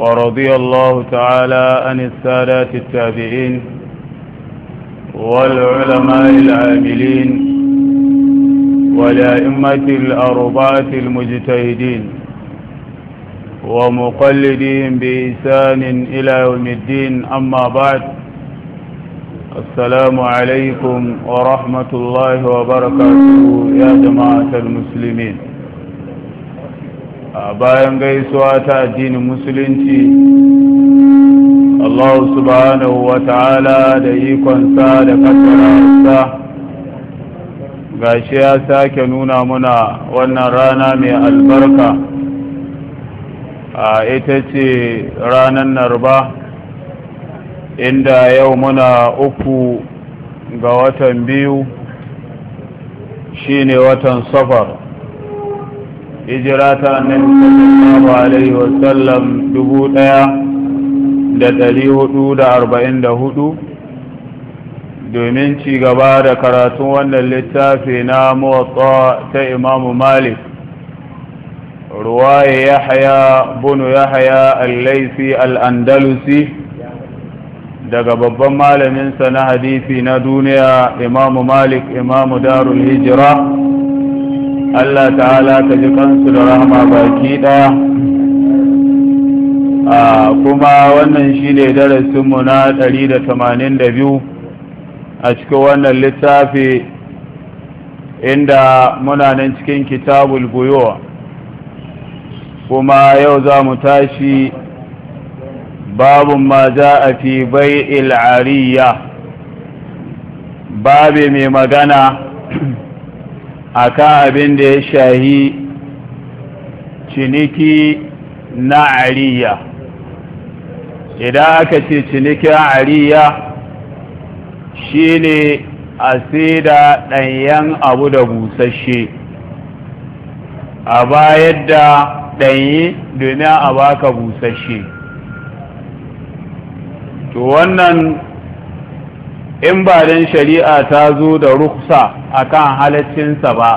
ورضي الله تعالى عن السادات التابعين والعلماء العاملين والأئمة الأربعة المجتهدين ومقلدهم بإحسان إلى يوم الدين أما بعد السلام عليكم ورحمة الله وبركاته يا جماعة المسلمين A bayan gaisuwa ta addinin musulunci Allah subhanahu wa ta'ala da ikonsa da kasararsa gashi ya sake nuna muna wannan rana mai albarka a ita ce ranar narba inda yau muna uku ga watan biyu shine watan safar hijira ta annabi sallallahu alaihi ɗaya da da hudu domin ci gaba da karatun wannan littafi na muwatsa ta imamu malik ruwaye ya haya bunu ya haya allaifi al'andalusi daga babban malaminsa na hadisi na duniya imamu malik imamu darul hijira Allah ta'ala ka ji kansu da rahama baki ɗaya a kuma wannan shi ne darasinmu na 182 a cikin wannan littafi inda muna nan cikin kitabul buyowa kuma yau za mu tashi babu ma za a fi bai il'ariya Babu mai magana akan abin da ya shahi ciniki na ariya idan aka ce cinikin ariya ne a da ɗanyen abu da busasshe a bayar da ɗanyi domin a baka busasshe to wannan in ba don shari'a ta zo da ruksa kan halaccinsa ba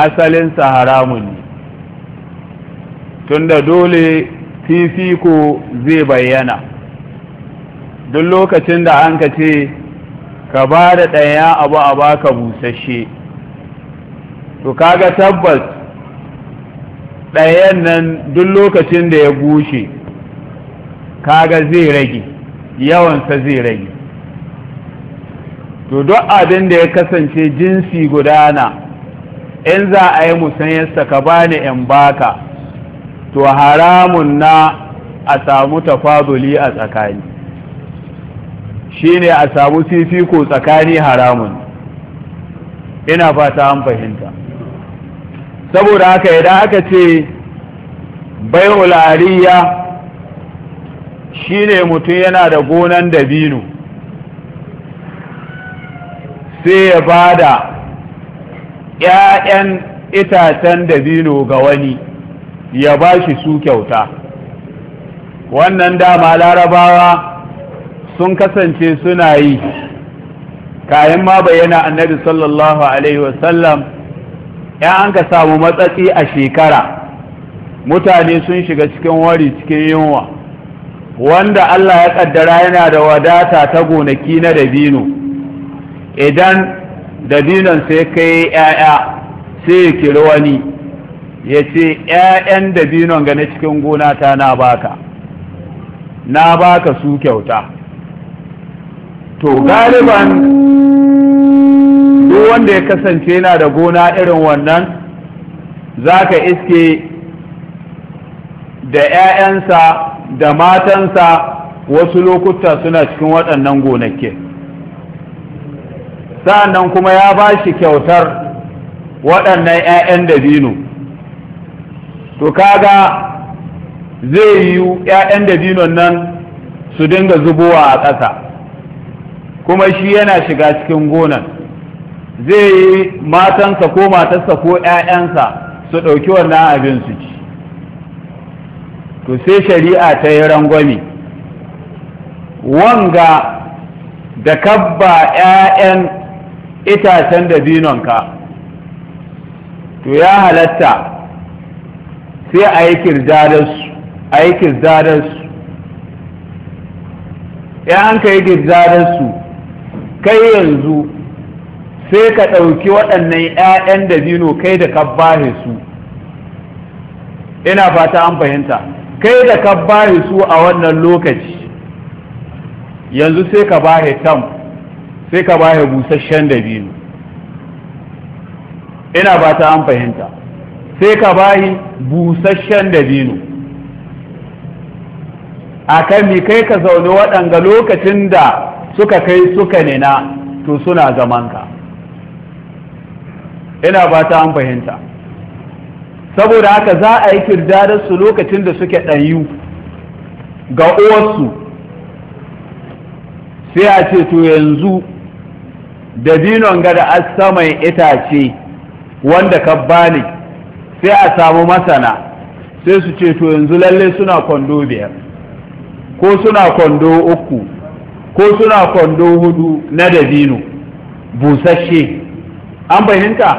asalinsa haramun ne tunda dole fifiko zai bayyana duk lokacin da an ka ce ka ba da ɗaya abu a baka busasshe to kaga tabbas ɗayan nan duk lokacin da ya bushe kaga zai rage yawansa zai rage to duk abin da ya kasance jinsi gudana in za a yi musanyarsa ka bani in baka to haramun na a samu tafaduli a tsakani shine a samu fifiko tsakani haramun ina fata an fahimta saboda haka idan aka ce bai shine mutum yana da gonan dabino sai ya ba da ‘ya'yan itacen dabino ga wani ya ba shi su kyauta wannan dama larabawa sun kasance suna yi kayan ma bayyana annabi sallallahu alaihi wasallam ya an ka samu matsatsi a shekara mutane sun shiga cikin wari cikin yunwa wanda Allah ya kaddara yana da wadata ta gonaki na dabino idan dabinon ya kai ‘ya'ya sai ya kiri wani ya ce ‘ya'yan dabinon ga na cikin gona ta na baka na baka su kyauta to galiban duk wanda ya kasance yana da gona irin wannan za ka iske da ‘ya'yansa da matansa wasu lokuta suna cikin waɗannan gonakin sa'annan kuma ya ba shi kyautar waɗannan 'ya'yan dabino to kaga zai yi 'ya'yan dabinon nan su dinga zubowa a ƙasa kuma shi yana shiga cikin gonan zai yi matansa ko matarsa ko 'ya'yansa su ɗauki wannan abin su ci to sai shari'a ta yi rangwami. wanga da kabba 'ya'yan itacen da dinonka to ya halatta sai a yi kirdadarsu a yi kirdadarsu ya an ka yi su, kai yanzu sai ka ɗauki waɗannan 'ya'yan da dino kai da ka bahe su ina fata an fahimta kai da ka bahe su a wannan lokaci yanzu sai ka bahe tam sai ka ba ya busasshen dabino ina ba ta an fahimta sai ka ba yi busasshen dabino a kan mi kai ka zaune waɗanga lokacin da suka kai suka nina to suna zamanka ina ba ta an fahimta saboda haka za a yi kirdararsu lokacin da suke ɗanyu ga uwarsu sai a ce to yanzu dabinon gada da asaman itace wanda ka bani sai a samu masana sai su ce to yanzu lalle suna kwando biyar ko suna kwando uku ko suna kwando hudu na dabino busasshe an fahimta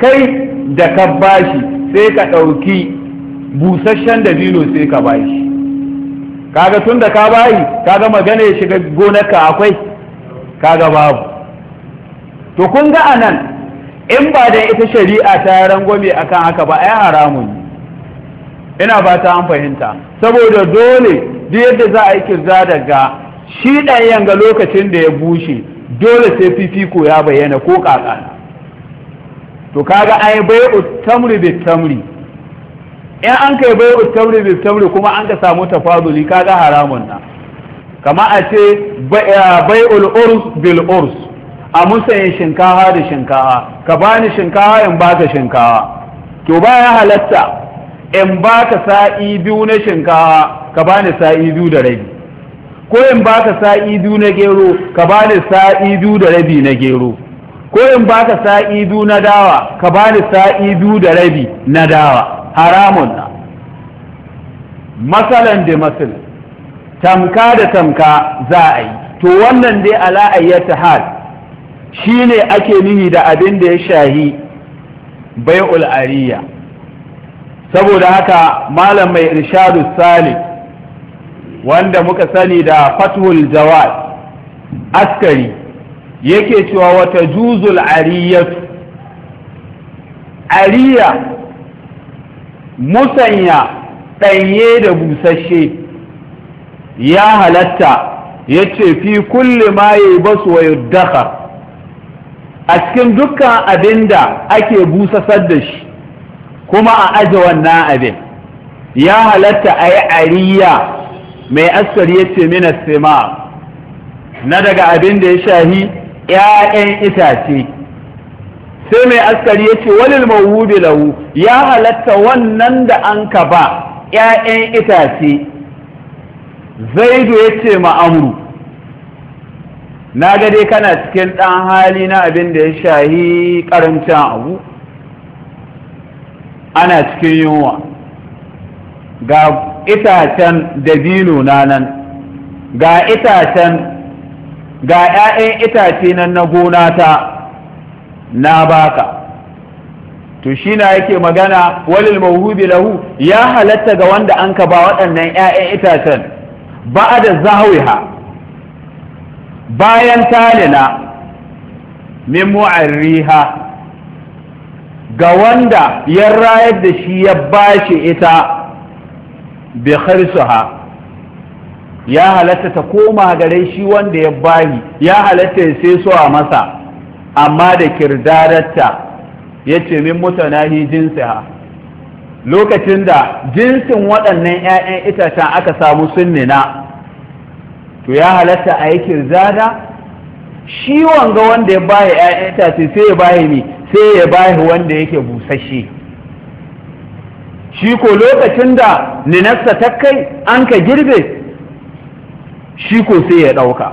kai da ka bashi sai ka ɗauki busasshen dabino sai ka bashi kaga tun da ka bayi kaga magana ya shiga gonarka akwai kaga babu to kun ga anan in ba da ita shari'a ta rangwame akan haka ba ai haramun ina ba ta an fahimta saboda dole duk yadda za a yi kirza daga shi ɗayan ga lokacin da ya bushe dole sai fifiko ya bayyana ko kaka to kaga ai bai tamri bi tamri in an kai bai tamri bi tamri kuma an ka samu tafaduli kaga haramun na kama a ce ul urs bil urs a musayin shinkawa da shinkawa ka bani shinkawa in baka shinkawa to baya halatta in baka sa'i biyu na shinkawa ka bani sa'i biyu da rabi ko in baka sa'i biyu na gero ka bani sa'i biyu da rabi na gero ko in baka sa'i biyu na dawa ka bani sa'i biyu da rabi na dawa haramun na masalan da masal tamka da tamka za a yi to wannan dai ala ayyata hal shi ne ake nihi da abin da ya shahi bai'ul ariya saboda haka malam mai irshadu salih wanda muka sani da fathul jawad askari yake cewa wata juzul ariyatu ariya musanya ɗanye da busasshe ya halatta ya ce fi kulle ma yi basu wa a cikin dukkan abin da ake busasar da shi kuma a aje wannan abin ya halatta a yi ariya mai askari ya ce mina sema na daga abin da ya shahi ‘ya'yan itace sai mai askari ya ce walil mawu lahu ya halatta wannan da an ka ba ‘ya'yan itace zaidu ya ce ma'amuru na ga dai kana cikin ɗan hali na abin da ya shahi ƙarancin abu ana cikin yunwa ga itacen dabino na nan ga itacen ga 'ya'yan itace nan na gona ta na baka to shi na yake magana walil mawhubi lahu ya halatta ga wanda an ka ba waɗannan 'ya'yan itacen ba da zawiha bayan talina min mu'arriha ga wanda ya rayar da shi ya bashi ita bi kharsuha ya halatta ta koma gare shi wanda ya bayi ya halatta ya sai so a masa amma da kirdararta ya ce min mutanahi jinsiha lokacin da jinsin waɗannan 'ya'yan itacen aka samu sunnina to ya halatta a yi kirzada shi wanga wanda ya baya ‘ya'yan itace sai ya baya ne sai ya baya wanda yake busashe shi ko lokacin da ninasta ta kai an ka girbe shi ko sai ya ɗauka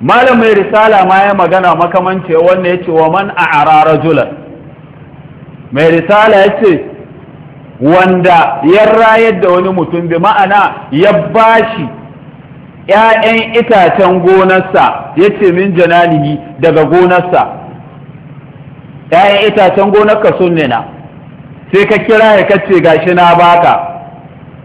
mai risala ma ya magana makamance wanda ya ce wa man a arara mai risala ya ce wanda ya rayar da wani mutum bi ma'ana ya bashi ‘ya'yan itacen gonarsa ya ce min jananihi daga gonarsa ‘ya'yan itacen gonarka sun nina sai ka kira ya kace gashi na baka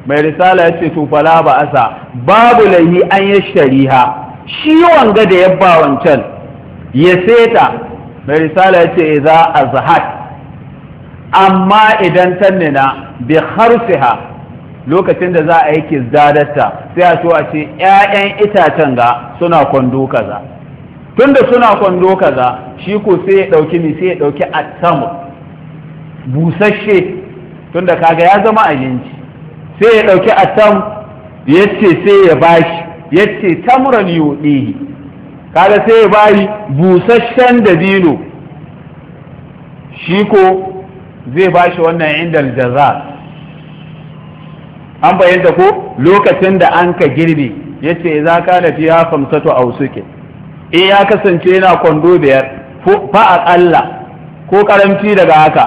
mai risala ya ce tufala ba asa babu laihi an yi shari'a shi wanga da yabba wancan ya seta mai risala ya ce za a amma idan ta tannina bi harsiha lokacin da za a yi kizdadarta sai a so a ce 'ya'yan itacen ga suna kwando kaza tunda suna kwando kaza shi ko sai ya ɗauki ni, sai ya ɗauki a samu busasshe tunda kaga ya zama abinci sai ya ɗauki a samu yace sai ya bashi yace tamran yuɗihi kaga sai ya bayi busasshen dabino shi ko zai bashi wannan indal jaza an bayyanta ko lokacin da an ka girbi yace za ka da fiya famsatu a suke in ya kasance yana kwando biyar fa aqalla ko karamci daga haka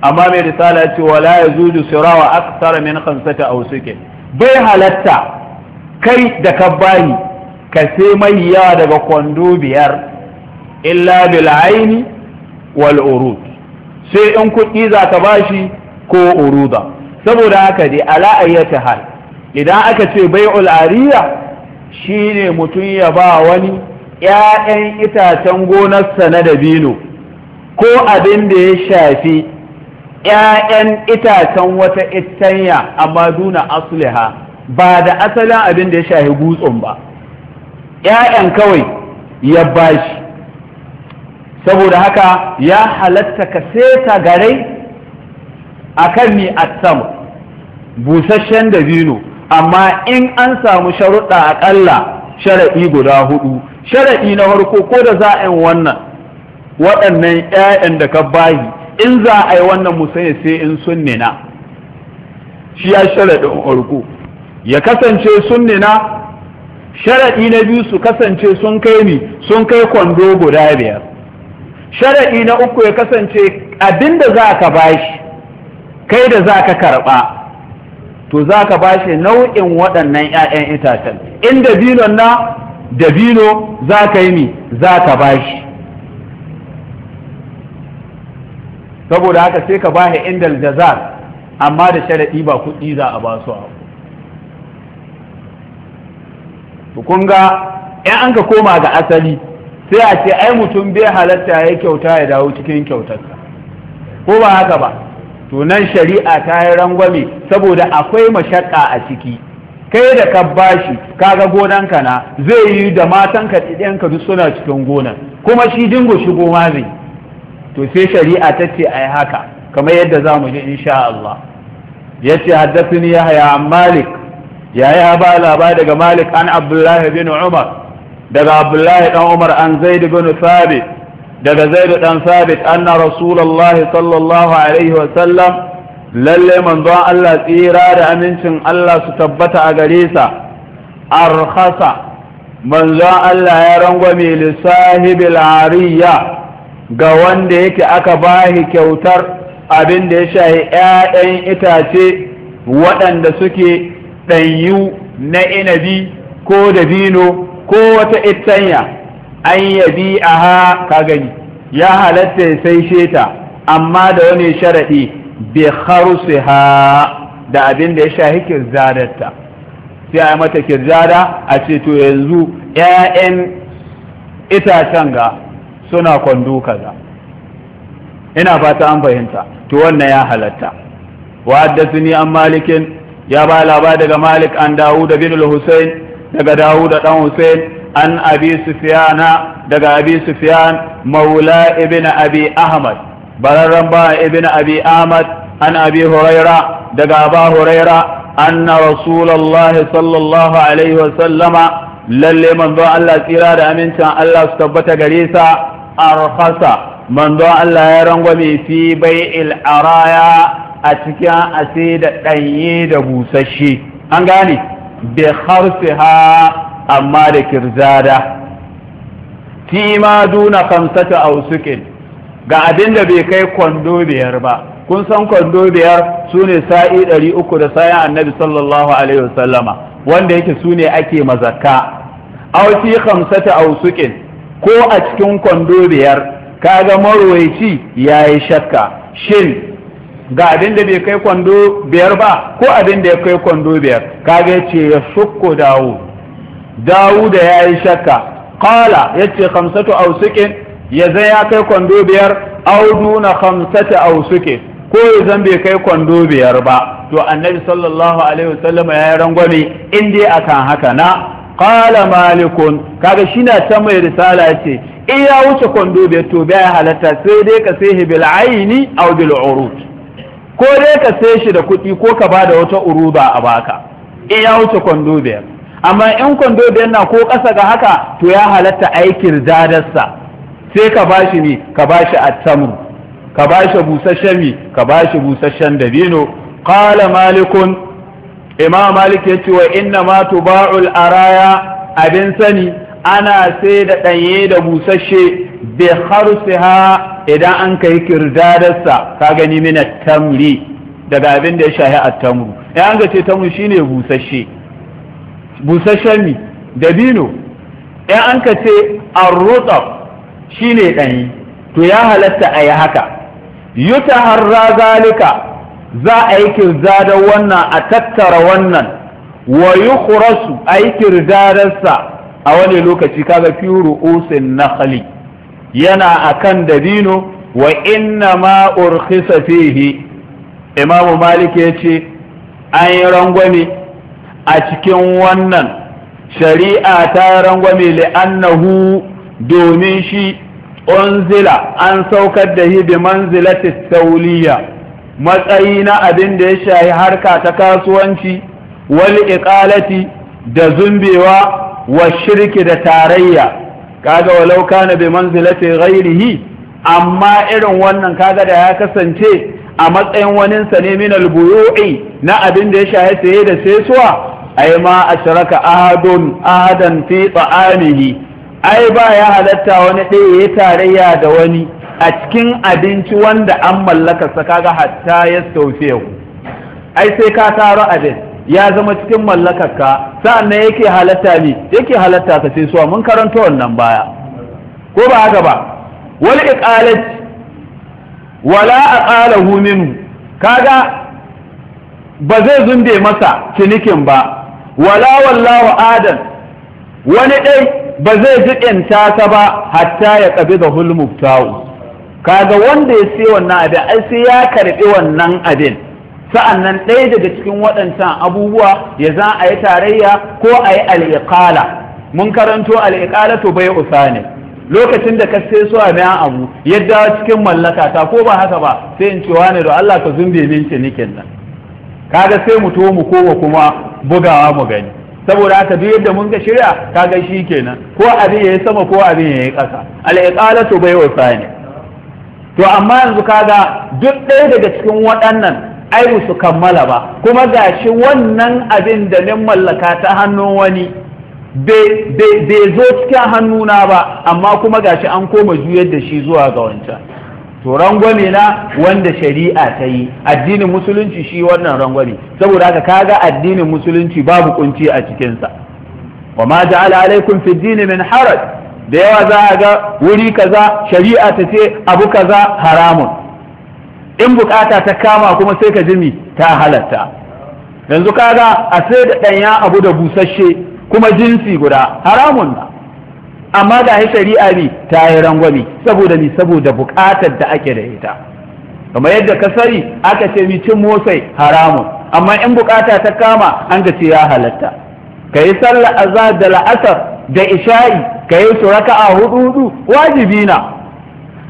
amma mai risala ya ce wala yazuju sirawa akthar min khamsati aw suke bai halatta kai da ka bani ka sai mai yawa daga kwando biyar illa bil aini wal urud sai in kuɗi za ka bashi ko uruda saboda haka dai ala ayyata hal idan aka ce bai'ul ariya shine mutum ya ba wani ‘ya'yan itacen gonarsa na dabino ko abin da ya shafi ‘ya'yan itacen wata ittanya amma duna asuliha ba da asalin abin da ya shafi gutsun ba ‘ya'yan kawai ya bashi saboda haka ya halatta ka seta garai a kan ni a sama busasshen dabino amma in an samu sharuɗa aƙalla sharaɗi guda hudu sharaɗi na farko ko da za a yi wannan waɗannan ƴaƴan da ka bayi in za a yi wannan musanya sai in sunnina shi ya a farko ya kasance nina sharaɗi na biyu su kasance sun kai ni sun kai kwando guda biyar sharaɗi na uku ya kasance abin da za ka bashi kai da za ka karɓa to za ka ba shi nau'in waɗannan 'ya'yan itacen in dabinon na dabino za ka yi ni za ka ba shi saboda haka sai ka ba shi indal jazar amma da sharaɗi ba kuɗi za a ba su a kun ga in an ka koma ga asali sai a ce ai mutum bai halatta ya kyauta ya dawo cikin kyautarsa ko ba haka ba to shari'a ta yi rangwame saboda akwai mashakka a ciki kai da ka bashi kaga gonanka na zai yi da matanka ɗiɗanka duk suna cikin gonan kuma shi dingo shigo ma zai to sai shari'a ta ce a yi haka kamar yadda za mu ji insha Allah ya ce haddasini ya haya malik ya yi ba daga malik an abdullahi bin umar daga abdullahi dan umar an zaid bin thabit daga zaidu dan sabit anna rasulullahi sallallahu alaihi wa sallam lalle manzon Allah tsira da amincin Allah su tabbata a gare sa arkhasa manzon Allah ya rangwame li sahibil ariya ga wanda yake aka bahi kyautar abin da ya shahi ƴaƴan itace waɗanda suke ɗanyu na inabi ko dabino ko wata ittanya an yabi ha ka gani ya halatta ya sai sheta amma da wani sharaɗi bi ha da abin da ya shahi kirzadarta sai a mata kirzada a ce to yanzu Ƴaƴan itacen ga suna kwando kaza ina fata an fahimta to wannan ya halatta wa ni an malikin ya ba labar daga malik an da bin al daga Da'uda dan Husain. an abi sufiyana daga abi sufiyan maula ibn abi ahmad bararren ba ibn abi ahmad an abi huraira daga aba huraira anna rasulullah sallallahu alaihi wa sallama lalle manzo Allah tsira da amincin Allah su tabbata gare sa arhasa manzo Allah ya rangwame fi bai'il araya a cikin asida da danye da busasshe an gane bi kharsiha amma da kirzada fi ma duna kamsata ausukin ga abin bai kai kwando biyar ba kun san kwando biyar su ne sa'i 300 da sayan annabi sallallahu alaihi wasallama wanda yake su ne ake mazaka. au fi kamsata ausukin ko a cikin kwando biyar kaga marwaici ya yi shakka shin ga abin da bai kai kwando biyar ba ko abin da ya kai kwando biyar kaga ce ya shukko dawo dawuda ya yi shakka qala yace khamsatu ausukin ya zai ya kai kwando biyar au duna khamsati ausukin ko ya zan bai kai kwando biyar ba to annabi sallallahu alaihi wasallam ya yi rangwame in dai akan haka na qala malikun kaga shi na ta mai risala yace in ya wuce kwando biyar to bai halatta sai dai ka sai bil aini aw bil urud ko dai ka sai shi da kuɗi ko ka ba da wata uruba a baka in ya wuce kwando biyar amma in kwando da yana ko ƙasa ga haka to ya halatta aikin zadarsa sai ka bashi ne ka bashi attamu ka bashi busasshen mi ka bashi busasshen dabino qala malikun imam malik yace wa inna ma tuba'ul araya abin sani ana sai da danye da busasshe bi ha idan an kai kirdadarsa ka gani mina tamri daga abin da ya shahi attamru ya an ga ce tamru shine busasshe busasshen mi dabino in an ka ce arrutab shine ɗanyi to ya halatta a yi haka yuta harra zalika za a yi da wannan a tattara wannan wa yi kurasu a yi kirzadarsa a wani lokaci kaga fi ru'usin nakhli yana akan dabino wa inna ma urkhisa fihi imamu malik ya ce an yi rangwame a cikin wannan shari'a ta rangwame li'annahu domin shi unzila an saukar da hi manzilati tauliya matsayi na abin da ya shahi harka ta kasuwanci wal iqalati da zumbewa wa shirki da tarayya kaga walau kana bi manzilati ghairihi amma irin wannan kaga da ya kasance a matsayin waninsa ne min albuyu'i na abin da ya shahi saye da sesuwa ai ma ashraka ahadun ahadan fi ta'amihi ai ba ya halatta wani ɗaya ya tarayya da wani a cikin abinci wanda an mallaka sa kaga hatta ya ai sai ka taro abin ya zama cikin mallakar ka sa'annan yake halatta ne yake halatta ka sai suwa mun karanta wannan baya ko ba haka ba wal iqalat wala aqalahu minhu kaga ba zai zunde masa cinikin ba wala wallahu adam wani dai ba zai jiƙinta ta ba hatta ya ƙabi da hulmuftawu kaga wanda ya sai wannan abin ai sai ya karɓi wannan abin sa'annan ɗaya daga cikin waɗancan abubuwa ya za a yi tarayya ko a yi al'iƙala mun karanto al'iƙala to bai usa ne lokacin da ka sai a bayan abu yadda cikin mallaka ta ko ba haka ba sai in cewa ne da Allah ka zumbe min cinikin nan kaga sai mu to mu kowa kuma bugawa mu gani saboda haka duk yadda mun ga shirya ka ga shi kenan ko abin yayi sama ko abin yayi ƙasa al-iqalatu bai ne. to amma yanzu kaga duk ɗaya daga cikin waɗannan ai su kammala ba kuma gashi wannan abin da nin mallaka ta hannun wani bai zo cikin hannuna ba amma kuma gashi an koma juyar da shi zuwa ga wancan to rangwame na wanda shari'a ta yi addinin musulunci shi wannan rangwame saboda haka kaga addinin musulunci babu kunci a cikinsa wa ma ja'ala alaikum fi dini min haraj da yawa za a ga wuri kaza shari'a ta ce abu kaza haramun in bukata ta kama kuma sai ka jimi ta halatta yanzu kaga a sai da ɗanya abu da busasshe kuma jinsi guda haramun na amma da shi shari'a ne ta yi rangwame saboda ni saboda buƙatar da ake da ita kamar yadda ka sani aka ce ni cin motsai haramun amma in buƙata ta kama an ga ce ya halatta ka yi sallar azhar da la'asar da isha'i ka yi su a hudu hudu wajibi na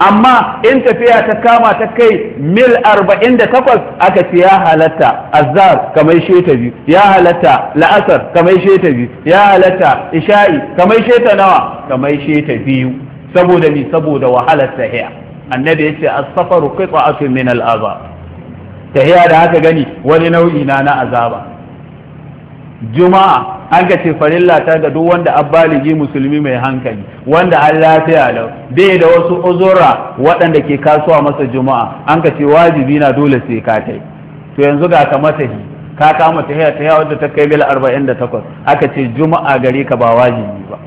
amma in tafiya ta kama ta kai mil 48 aka ce ya halatta azhar kamar sheta biyu ya halatta la'asar kamar sheta biyu ya halatta isha'i kamar sheta nawa kamar sheta biyu saboda ni saboda wahalar tahiya annabi yace as-safaru qita'atun min al-azab tahiya da haka gani wani nau'i na na azaba juma'a an ga ce farilla ta ga duk wanda abbaligi musulmi mai hankali wanda an lafiya da bai da wasu uzura waɗanda ke kasuwa masa juma'a an ga ce wajibi na dole sai ka tai to yanzu ga ka mata hi ka kama ta hiyar ta yawa wadda ta kai bil 48 aka ce juma'a gare ka ba wajibi ba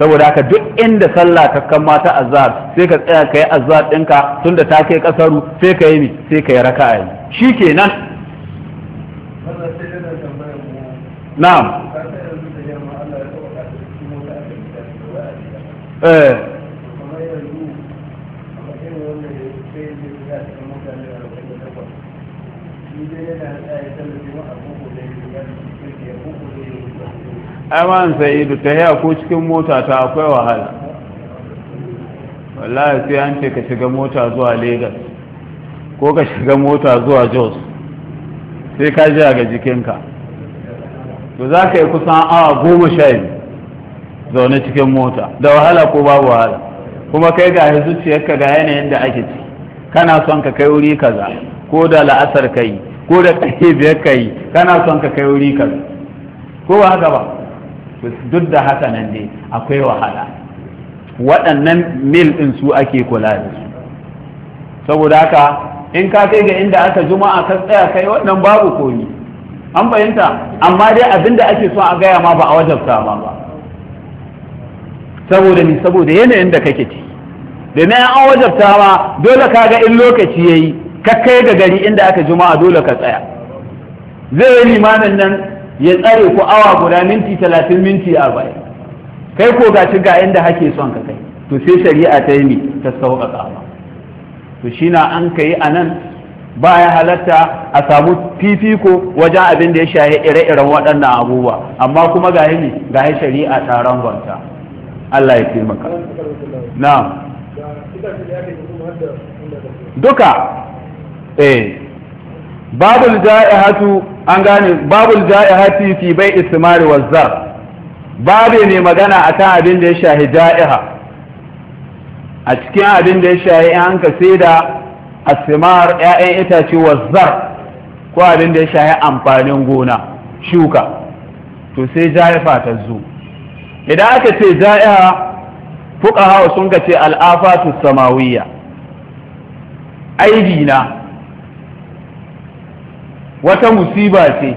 saboda haka duk inda sallah ta kan mata azhar sai ka tsaya ka yi azhar ɗinka tunda ta kai kasaru sai ka yi sai ka yi raka'a shi kenan na'am eh aiman sa'idu ta haya ko cikin mota ta akwai wahala wallahi sai an ce ka shiga mota zuwa Legas ko ka shiga mota zuwa jos sai ka ji a ga jikinka to za ka yi kusan awa goma sha biyu zaune cikin mota da wahala ko babu wahala kuma kai ga zuciyarka ga yanayin da ake ci kana son ka kai wuri kaza ko da la'asar ka yi ko da ƙarfe biyar ka yi kana son ka kai wuri kaza ko ba haka ba duk da haka nan dai akwai wahala waɗannan mil ɗin su ake kula da su saboda haka in ka kai ga inda aka juma'a ka tsaya kai wannan babu komi an fahimta amma dai abin da ake so a gaya ma ba a wajabta ba ba saboda ni saboda yanayin da kake ci da na an wajabta ma dole ka ga in lokaci yayi ka kai ga gari inda aka juma'a dole ka tsaya zai yi limamin nan ya tsare ku awa guda minti talatin minti arba'in kai ko ga ga inda hake son ka kai to sai shari'a ta yi ta sauƙaƙa ba to shi na an ka yi a nan Ba ya halatta a samu fifiko wajen abin da ya shahi ire-iren waɗannan abubuwa amma kuma ga ne ga yi shari'a ta rangonta Allah ya taimaka na duka eh babul hatu an gane babul hatu fi bai ismari wazzar babe ne magana akan abin da ya shahi ja'iha a cikin abin da ya shahi an ka sai da asimar ‘ya'yan itace wa zar ko abin da ya shaye amfanin gona shuka to sai ja'ifa ta zo idan aka ce ja’ifa fuka hawa sun ka ce su samawiya aibi na wata musiba ce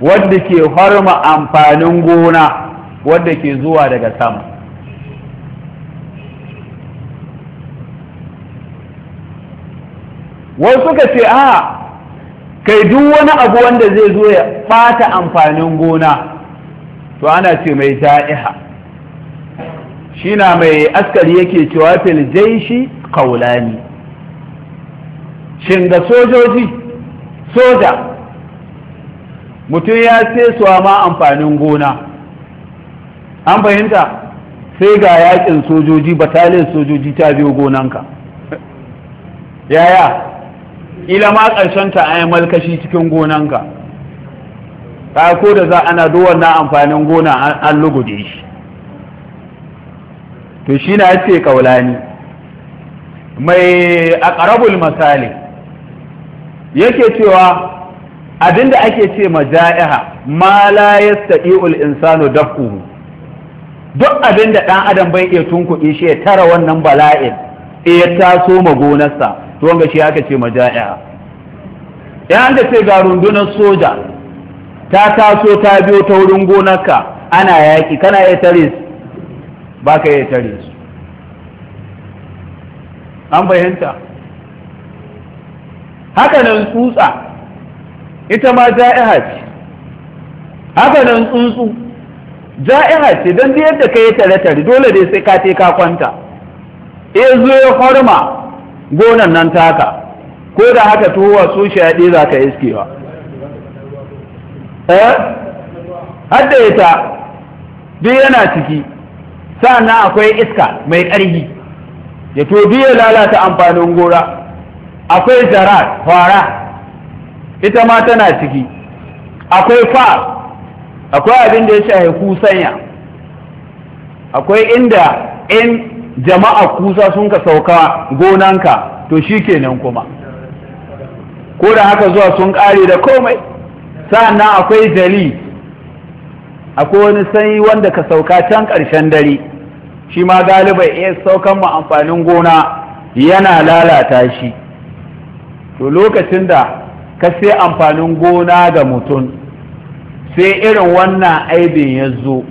wadda ke harma amfanin gona wadda ke zuwa daga sama wasu suka ce a kai duk wani abu wanda zai zo ya fata amfanin gona to ana ce mai ja'iha shi na mai askari yake cewa fil jaishi kaulani shin ga sojoji soja mutum ya ce su ma amfanin gona an fahimta sai ga yakin sojoji batalin sojoji ta biyo gonanka yaya ila ma ƙarshen ta yi malkashi cikin gonanka ka ko da za ana duwar na amfanin gona an lugude shi to shi na ce kaulani mai a ƙarabul masali yake cewa abinda ake ce ma ja'iha ma la yastati'ul insanu dafuhu duk abinda dan adam bai iya tunkuɗe shi ya tara wannan bala'in eh ya taso ma gonarsa to wanga shi aka ce maja'a ya an ce ga rundunar soja ta taso ta biyo ta wurin gonarka ana yaƙi kana iya tare su ba ka iya tare su an bayanta haka nan tsutsa ita ma ja'iha ce haka nan tsuntsu ja'iha ce don da yadda ka yi tare-tare dole dai sai ka ce ka kwanta ya zo ya horma gonan nan taka ko da haka tuhuwa su ya za ka iskewa eh hadda ita duk yana ciki sannan akwai iska mai ƙarfi ya to duk ya lalata amfanin gora akwai zara fara ita ma tana ciki akwai fa akwai abin da ya shahi kusanya akwai inda in jama'a kusa sun ka sauka gonanka to shi kenan kuma ko da haka zuwa sun ƙare da komai sa'annan akwai jali akwai wani sanyi wanda ka sauka can ƙarshen dare shi ma galiba iya saukan ma amfanin gona yana lalata shi to lokacin da ka sai amfanin gona ga mutum sai irin wannan aibin ya zo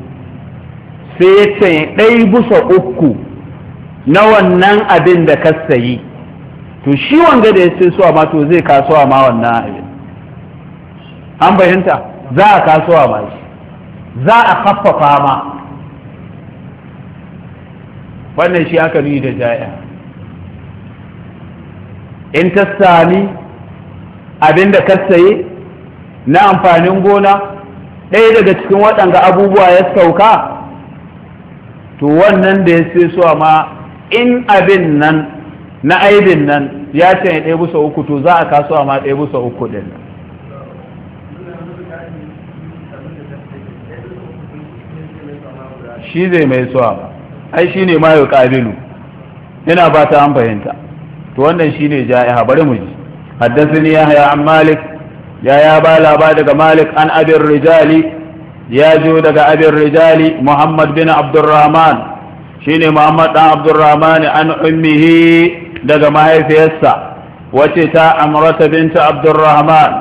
sai ya ce ɗai busa uku na wannan abin da ka sayi to shi wanga da ya sai suwa ma to zai kasuwa ma wannan abin an bayanta za a kasuwa ma shi za a haffafa ma wannan shi aka nuni da jaya in ta sami abin da ka saye na amfanin gona ɗaya daga cikin waɗanda abubuwa ya sauka to wannan da ya sai suwa ma in abin nan na aibin nan ya ce ya ɗaya bisa uku to za a kasuwa ma ɗaya bisa uku ɗin shi zai mai suwa ba ai shi ne ma yau ina ba ta an fahimta to wannan shi ne ya bari mu ji haddasini ya haya an malik ya ya ba laba daga malik an abin rijali ya jo daga abin rijali muhammad bin abdurrahman shine Muhammad dan Abdurrahman an ummihi daga mahaifiyarsa wace ta Amrata binta Abdurrahman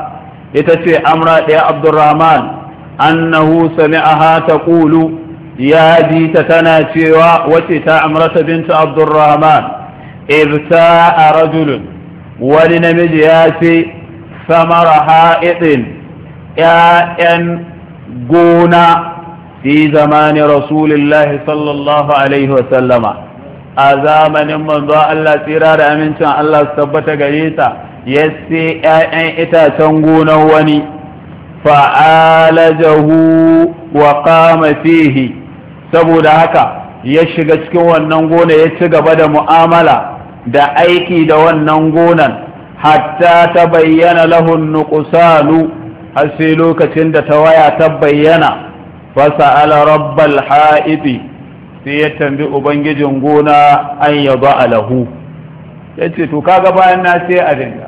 ita ce Amra ɗaya Abdurrahman annahu sami'aha taqulu ya ji ta tana cewa wace ta Amrata binta Abdurrahman a rajulun wani namiji ya ce samara ha'idin 'ya'yan gona fi zamani rasulillahi sallallahu alaihi wasallama a zamanin manzo Allah tsira da amincin Allah su tabbata gare ta ya sai ‘ya'yan itacen gonar wani fa'alajahu wa kama fihi saboda haka ya shiga cikin wannan gona ya ci gaba da mu'amala da aiki da wannan gonan hatta ta bayyana lahun nukusanu har sai lokacin da ta waya ta bayyana فسأل rabbal الحائط sai ya tambi ubangijin gona an ya ba lahu ya ce to kaga bayan na sai a dinga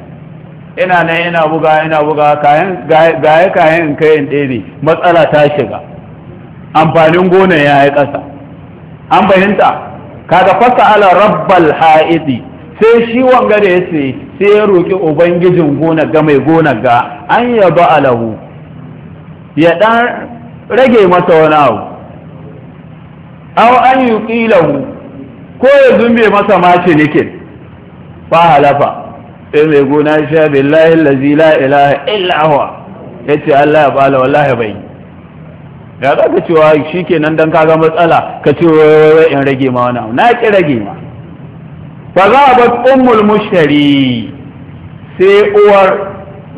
ina nan ina buga ina buga kayan gaya kayan in kai in matsala ta shiga amfanin gona ya yi ƙasa an fahimta kaga ala rabbal ha'idi sai shi wanga da ya sai sai ya roƙi ubangijin gona ga mai gona ga an ya ba lahu ya dan rage masa wani abu aw an yuqilahu ko ya zumbe masa mace nike fa halafa sai mai gona sha billahi allazi la ilaha illa huwa yace Allah ya bala wallahi bai ya za ka cewa shi ke nan don kaga matsala ka ce wai wai in rage ma wani abu na ƙi rage ma fa za ba ummul mushari sai uwar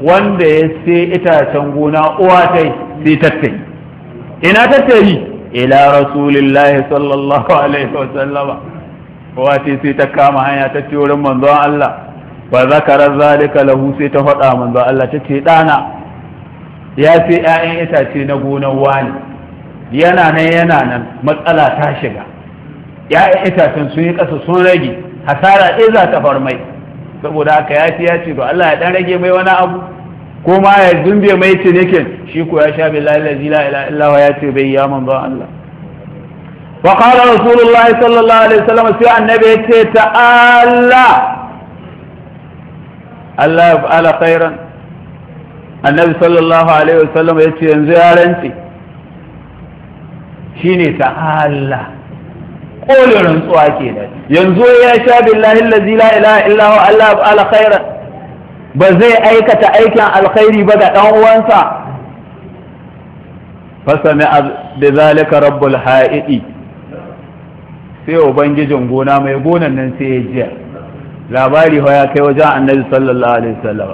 wanda ya sai itacen gona uwa ta yi sai tattai ina tattari ila rasulillahi sallallahu alaihi wa sallama kowa ce sai ta kama hanya ta ce wurin manzon Allah wa zakara zalika lahu sai ta faɗa manzon Allah ta ce ɗana ya ce ƴaƴan itace na gonar wani yana nan yana nan matsala ta shiga ƴaƴan itacen sun yi ƙasa sun rage hasara ɗaya za ta farmai saboda haka ya ce ya ce to Allah ya dan rage mai wani abu ko ma ya dumbe mai cinikin shi ko ya sha billahi la ilaha illa wa ya ce bai ya ba Allah wa qala rasulullah sallallahu alaihi wasallam sai annabi ya ce ta Allah Allah ya fa'ala khairan annabi sallallahu alaihi wasallam ya ce yanzu ya rantsi shine ta'ala kolin rantsuwa kenan yanzu ya sha billahi la ilaha illa wa Allah ya fa'ala khairan ba zai aikata aikin alkhairi ba ga ɗan uwansa fasami da zalika rabbul ha'idi sai ubangijin gona mai gonan nan sai ya jiya labari ya kai wajen annabi sallallahu alaihi wasallam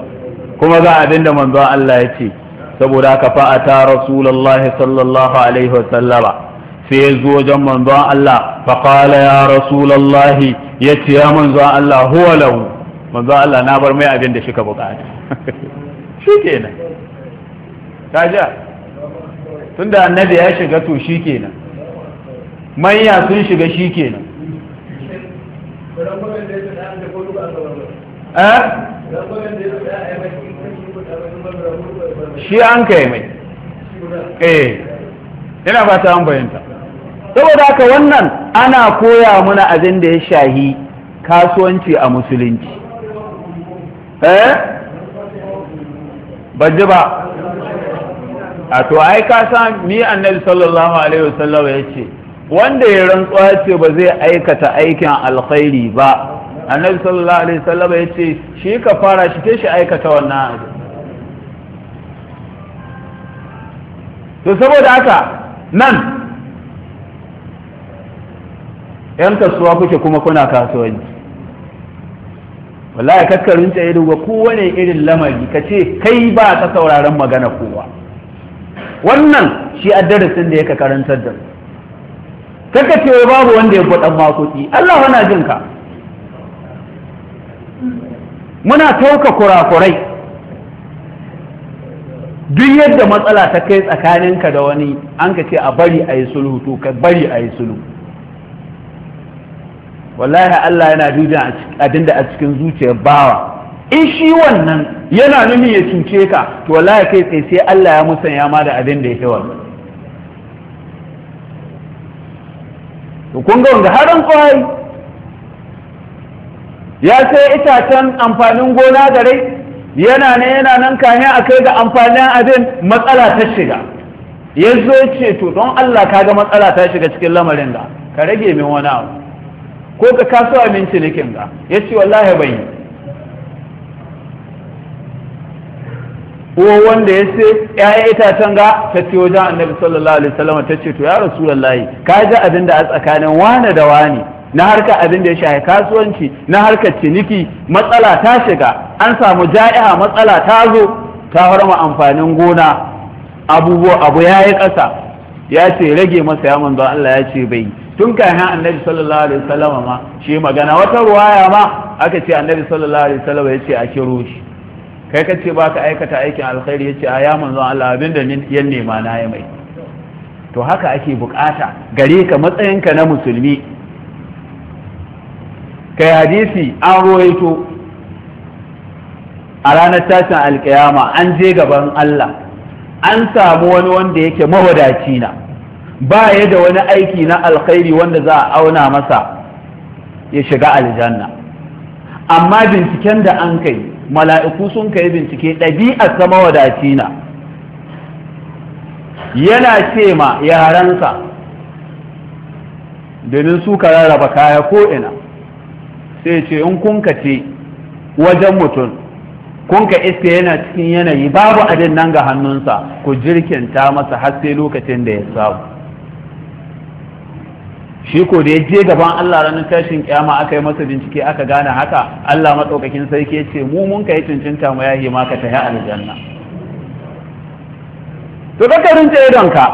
kuma ga abin da manzo Allah ya ce saboda haka fa ata rasulullahi sallallahu alaihi wasallama sai ya zo wajen manzon Allah fa qala ya rasulullahi yace ya manzon Allah huwa lahu manzo Allah na bar mai abin da shi ka bukata shi kenan ka ja da annabi ya shiga to shi kenan manya sun shiga shi kenan eh shi an kai mai eh ina fata an bayanta saboda haka wannan ana koya mana abin da ya shahi kasuwanci a musulunci eh ban ji ba a to ai ka san ni annabi sallallahu alaihi wasallam ya ce wanda ya rantsuwa ce ba zai aikata aikin alkhairi ba annabi sallallahu alaihi wasallam ya ce shi ka fara shi ke shi aikata wannan to saboda haka nan yan kasuwa kuke kuma kuna kasuwanci wallahi kakkarin ta ido ga kowane irin lamari ka ce kai ba ka sauraron magana kowa wannan shi darasin da yake karantar da kaka ce babu wanda ya faɗan makoki Allah wana jin ka muna tauka kurakurai duk yadda matsala ta kai tsakaninka da wani an ka ce a bari a yi sulhu to ka bari a yi sulhu wallahi Allah yana duba abin da a cikin zuciyar bawa in shi wannan yana nuni ya cuce ka to wallahi kai tsaye sai Allah ya musanya ma da abin da yake wannan to kun ga wanda haran kwai ya sai itacen amfanin gona da rai yana ne yana nan kayan a kai ga amfanin abin matsala ta shiga ya ce to don Allah ka ga matsala ta shiga cikin lamarin da ka rage min wani abu ko ka kaso ne cinikin ga ya ce wallahi yi. ko wanda ya ce ‘ya'ya itacen ga ta ce wajen annabi sallallahu alaihi wasallam ta ce to ya rasulullahi ka ji abin da a tsakanin wane da wane na harka abin da ya shahi kasuwanci na harkar ciniki matsala ta shiga an samu ja'iha matsala ta zo ta harma amfanin gona abubuwa abu ya yi ƙasa ya ce rage masa ya manzo Allah ya ce bai tun kayan annabi sallallahu alaihi wasallam ma shi magana wata ruwaya ma aka ce annabi sallallahu alaihi wasallam ya a kiro shi kai ka ce baka aikata aikin alkhairi yace ce a ya manzo Allah abinda ya nema na ya mai to haka ake bukata gare ka matsayinka na musulmi kai hadisi an ruwaito a ranar tashin alkiyama an je gaban Allah an samu wani wanda yake mawadaci na ba ya da wani aiki na alkhairi wanda za a auna masa ya shiga aljanna amma binciken da an kai mala'iku sun kai bincike ɗabi'ar sama wadaci na yana ce ma yaransa domin su ka rarraba kaya ko'ina sai ce in kun ce wajen mutum kun ka iska yana cikin yanayi babu abin nan ga hannunsa ku jirkinta masa har sai lokacin da ya samu shi ko da ya je gaban Allah ranar tashin kiyama aka yi masa bincike aka gane haka Allah matsaukakin sarki ya ce mu mun kai cincinta mu yahi ma ka ya aljanna to kaka rinje idan ka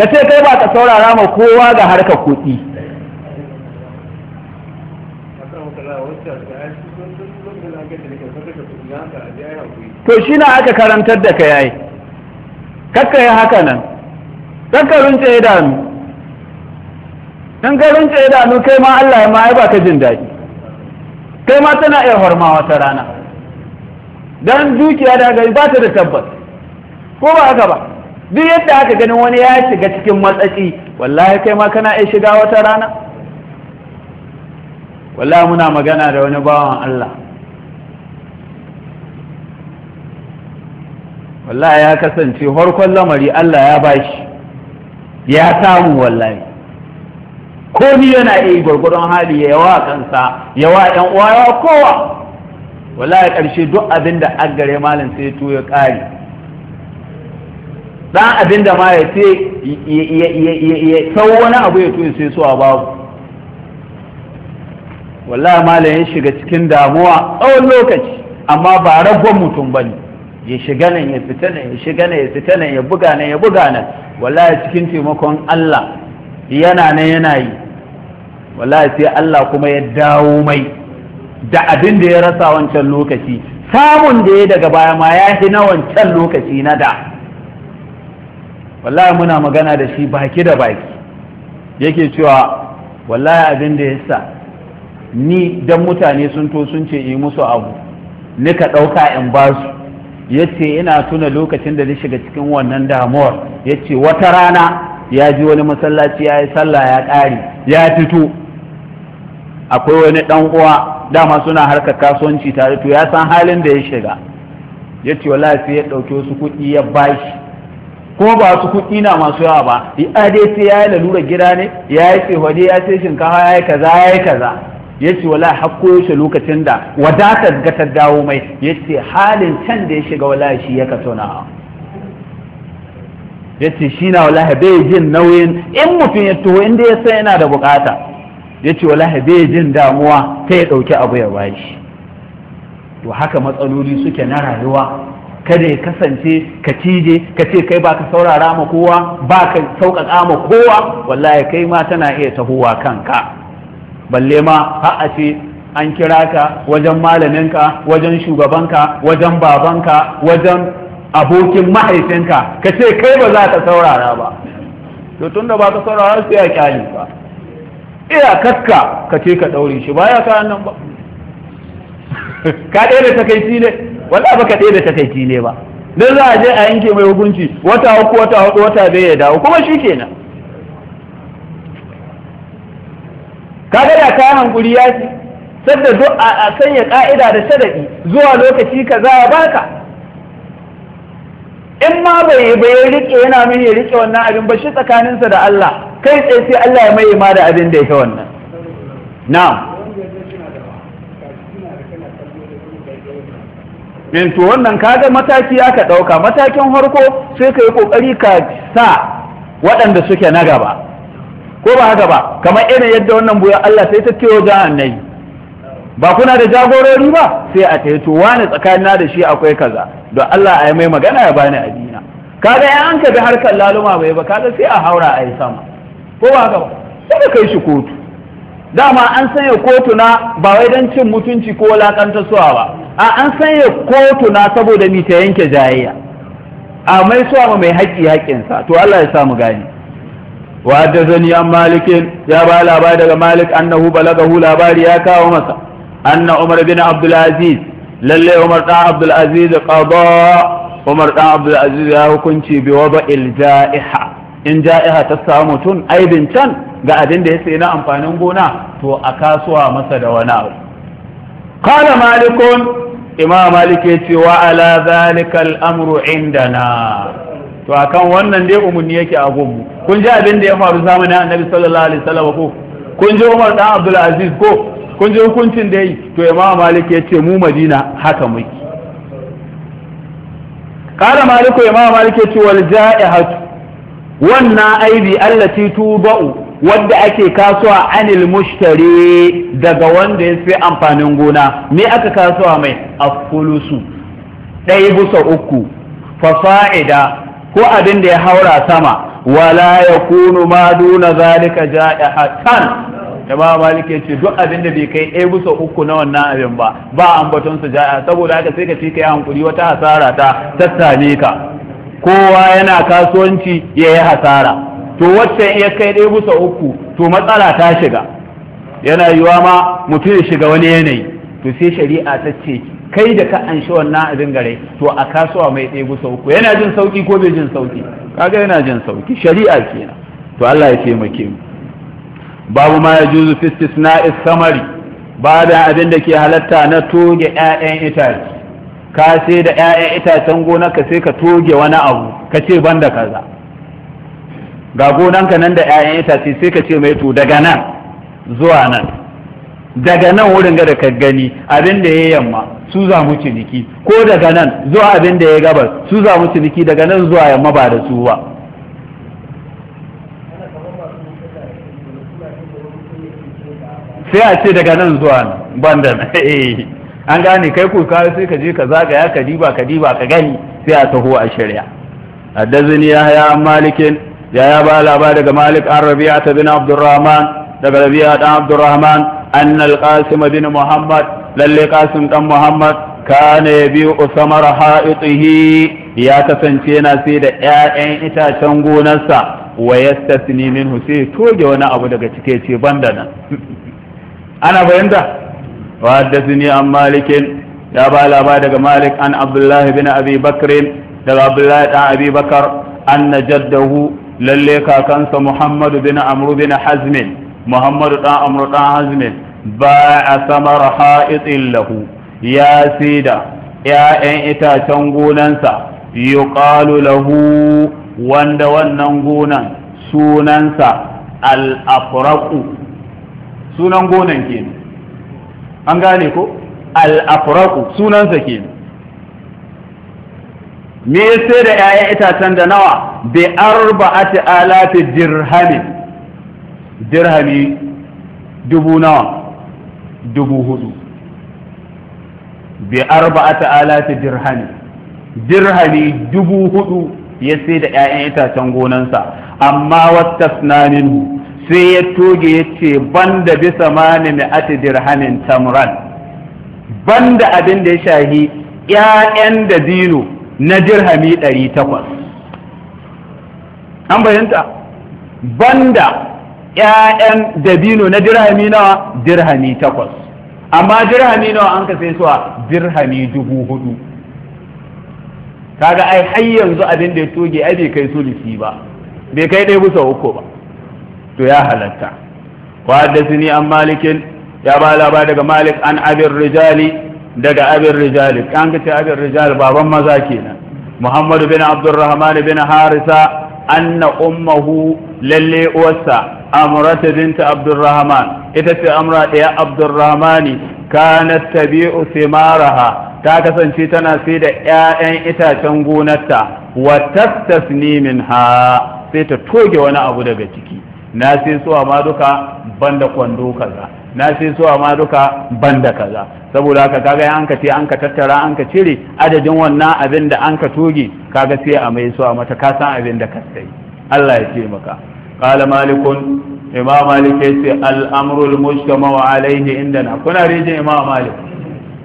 ka ce kai ba ka saurara ma kowa ga harka kuɗi to shi na aka karantar da ka yayi kakka yi haka nan kakka ce idanu in ka rince idanu kai ma Allah ya ma ya baka jin daɗi kai ma tana iya horma wata rana dan dukiya da gari ba ta da tabbas ko ba haka ba duk yadda aka ganin wani ya shiga cikin matsatsi wallahi kai ma kana iya shiga wata rana wallahi muna magana da wani bawan Allah wallahi ya kasance harkon lamari Allah ya bashi ya samu wallahi komi yana iya gwargwadon hali ya yawa kansa yawa yan uwa yawa kowa wallahi karshe duk abin da agare malam sai to ya kare dan abin da ma ya ce ya sau wani abu ya tuyi sai suwa babu wallahi malam ya shiga cikin damuwa tsawon lokaci amma ba ragon mutum ba ne, ya shiga nan ya fita nan ya shiga nan ya fita nan ya buga nan ya buga nan wallahi cikin taimakon Allah yana nan yana yi wallahi sai Allah kuma ya dawo mai da abin da ya rasa wancan lokaci samun da ya daga baya ma ya fi na wancan lokaci na da wallahi muna magana da shi baki da baki yake cewa wallahi abin da ya sa ni dan mutane sun to sun ce yi musu abu nika ɗauka in ba su ya ce ina tuna lokacin da na shiga cikin wannan damuwar ya ce wata rana ya ji wani masallaci ya yi sallah ya ƙari ya fito akwai wani ɗan uwa dama suna harkar kasuwanci tare to ya san halin da ya shiga ya ce wala sai ya ɗauki wasu kuɗi ya bashi kuma ba su kuɗi na masu yawa ba ya ade sai ya yi lalura gida ne ya yi tsehwade ya ce shinkafa ya yi kaza ya yi kaza ya ce wala hakko yaushe lokacin da wadatar ga ta dawo mai ya ce halin can da ya shiga wala shi ya kaso na ya ce shi na wallahi bai jin nauyin in mutum ya taho inda ya san yana da bukata ya ce wallahi bai jin damuwa ta ya ɗauki abu ya bashi to haka matsaloli suke na rayuwa kada ya kasance ka cije ka ce kai ka saurara ma kowa baka sauƙaƙa ma kowa wallahi kai ma tana iya tahowa kanka balle ma har a ce an kira ka wajen malaminka wajen shugabanka wajen babanka wajen abokin mahaifinka ka ce kai ba za ka saurara ba to da ba ka saurara su ya kyali ba iyakarka ka ce ka ɗaure shi baya ka nan ba ka ɗaya da takaici ne wala ba ka ɗaya da takaici ne ba don za a je a yanke mai hukunci wata uku wata hudu wata bai ya dawo kuma shi kenan ka ga da kayan hankuri ya ce sadda duk a sanya ka'ida da sharaɗi zuwa lokaci ka za a baka in ma bai yi ba ya yana min ya rike wannan abin ba shi tsakaninsa da Allah kai tsaye sai Allah ya mai ma da abin da ya wannan na'am in eh, to wannan kaga mataki aka ɗauka matakin harko sai ka yi ƙoƙari ka sa waɗanda suke na gaba ko ba haka ba kamar irin yadda wannan buya Allah sai ta ce wajen annabi ba kuna da jagorori ba sai a taito wani tsakanina da shi akwai kaza don Allah a yi mai magana ya bani adina kaga ya an ka bi harkar laluma bai ba kaga sai a haura a yi sama ko ba ga sai ka kai shi kotu dama an sanya kotu na ba wai don cin mutunci ko lakanta suwa ba a an sanya kotu na saboda mi ta yanke jayayya a mai suwa mai haƙƙi haƙƙinsa to Allah ya samu gani وحدثني an malikin ya ba labari daga Malik annahu balagahu labari ya kawo masa anna umar bin abdul aziz lalle umar dan abdul aziz qada umar dan abdul aziz ya hukunci bi wada'il ja'iha in ja'iha ta samu tun aibin can ga abin da ya sai na amfanin gona to a kasuwa masa da wani abu qala malikun imam malik ya ce wa ala amru to wannan dai umarni yake a kun ji abin da ya faru zamanin annabi sallallahu alaihi wasallam ko kun ji umar dan abdul aziz ko kun ji hukuncin da yi to imam malik ya ce mu madina haka muke qala maliku imam malik ya ce wal ja'ihatu wannan aibi allati tuba'u wadda ake kasuwa anil mushtari daga wanda ya sai amfanin gona me aka kasuwa mai afulusu ɗaya busa uku fa fa'ida ko abin da ya haura sama wala ya kunu ma duna zalika ja'ihatan imam malik yace duk abin da bai kai ɗaya bisa uku na wannan abin ba ba ambaton su jaya. saboda haka sai ka ci kai hankuri wata hasara ta tattame ka kowa yana kasuwanci ya yi hasara to wacce ya kai ɗaya bisa uku to matsala ta shiga yana yiwa ma mutum ya shiga wani yanayi to sai shari'a ta ce kai da ka anshi wannan abin gare to a kasuwa mai ɗaya bisa uku yana jin sauki ko bai jin sauki kaga yana jin sauki shari'a kenan to Allah ya taimake mu babu ma juzu fi istisna'is samari da abin da ke halatta na toge ƴaƴan itace ka sai da ƴaƴan itacen gona ka sai ka toge wani abu ka ce banda kaza ga gonanka nan da ƴaƴan itace sai ka ce mai to daga nan zuwa nan daga nan wurin ga da ka gani abin da ya yamma su za mu ciniki ko daga nan zuwa abin da ya gabar su za mu ciniki daga nan zuwa yamma ba da su ba sai a ce daga nan zuwa bandan eh, an gane kai ku kawo sai ka je ka zagaya ka diba ka diba ka gani sai a taho a shirya haddazini ya haya malikin ya ya ba labar daga malik an rabi'a ta bin abdurrahman daga rabi'a dan abdurrahman an alqasim bin muhammad lalle qasim dan muhammad kana yabi'u usamar ha'itihi ya kasance yana sai da ƴaƴan itacen gonarsa wa yastasni minhu sai toge wani abu daga cike ce banda nan ana fahimta wa haddathani an malikin ya ba laba daga malik an abdullahi bin abi bakrin daga abdullahi dan abi bakar anna jaddahu lalle kakansa muhammadu bin amru bin hazmin muhammadu dan amru dan hazmin ba'a samar ha'itin lahu ya sida ya'yan itacen gonansa yuqalu lahu wanda wannan gonan sunansa al-afraqu sunan gonan ke an gane ko al-afraqu sunansa ke me ya sai da 'ya'yan itacen da nawa bi arba'ati alati dirhami dirhami dubu nawa dubu hudu bi arba'ati alati dirhami dirhami dubu hudu ya sai da 'ya'yan itacen gonansa amma wata minhu sai ya toge ya ce ban da bisa mani mai ati dirhamin tamran da abin da ya shahi ‘ya'yan da dino na dirhami ɗari takwas an bayanta banda ‘ya'yan da dino na dirhami nawa dirhami takwas amma dirhami nawa an ka sai suwa dirhami dubu hudu kaga ai har yanzu abin da ya toge ai bai kai su lisi ba bai kai ɗaya bisa uku ba to ya halatta wa haddathani an malikin ya ba laba daga malik an abin rijali daga abin rijali an ga ce abin rijali baban maza kenan muhammadu bin abdurrahman bin harisa anna ummahu lalle uwarsa amrata binta abdurrahman ita ce amra ɗaya abdurrahmani kanat tabi'u simaraha ta kasance tana sai da 'ya'yan itacen gonarta wa tastasni minha sai ta toge wani abu daga ciki na sai suwa ma duka banda kwando kaza na sai suwa ma duka banda kaza saboda haka kaga an ka ce an ka tattara an ka cire adadin wannan abin da an ka toge kaga sai a mai suwa mata ka san abin da ka sai Allah ya ce maka qala malikun imam malik yace al-amru al-mujtama alayhi indana kuna rijin imam malik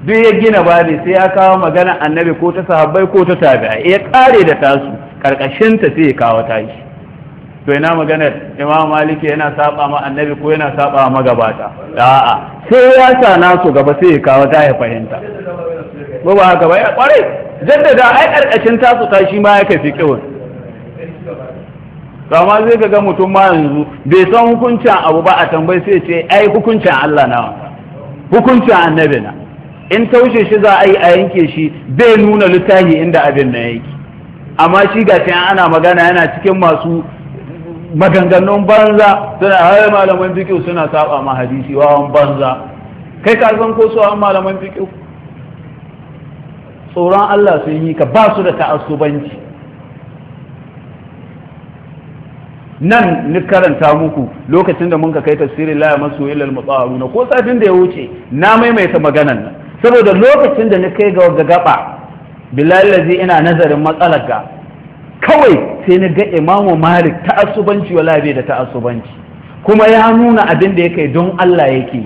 duk ya gina bani sai ya kawo magana annabi ko ta sahabbai ko ta tabi'a ya kare da tasu karkashin ta sai ya kawo tashi to ina maganar imam maliki yana saba ma annabi ko yana saba ma magabata a'a sai ya sa nasu gaba sai ya kawo ta ya fahimta ko ba haka ba ya jaddada ai karkashin tasu ta shi ma ya kafi kawai to amma zai ga mutum ma yanzu bai san hukuncin abu ba a tambayi sai ce ai hukuncin Allah nawa hukuncin annabi na in taushe shi za a yi a yanke shi bai nuna littafi inda abin na yake amma shi ga can ana magana yana cikin masu maganganun banza suna har malaman fikiyu suna saba ma hadisi wawan banza kai ka san ko su malaman fikiyu tsoron Allah sun yi ka ba su da ta'assubanci nan ni karanta muku lokacin da mun ka kai tafsirin la masu ilal mutsaruna ko satin da ya wuce na maimaita maganan nan saboda lokacin da ni kai ga gaba bilal ladzi ina nazarin matsalar ga kawai sai na ga imamu malik ta'assubanci wala bai da ta'assubanci kuma ya nuna abin da yake don Allah yake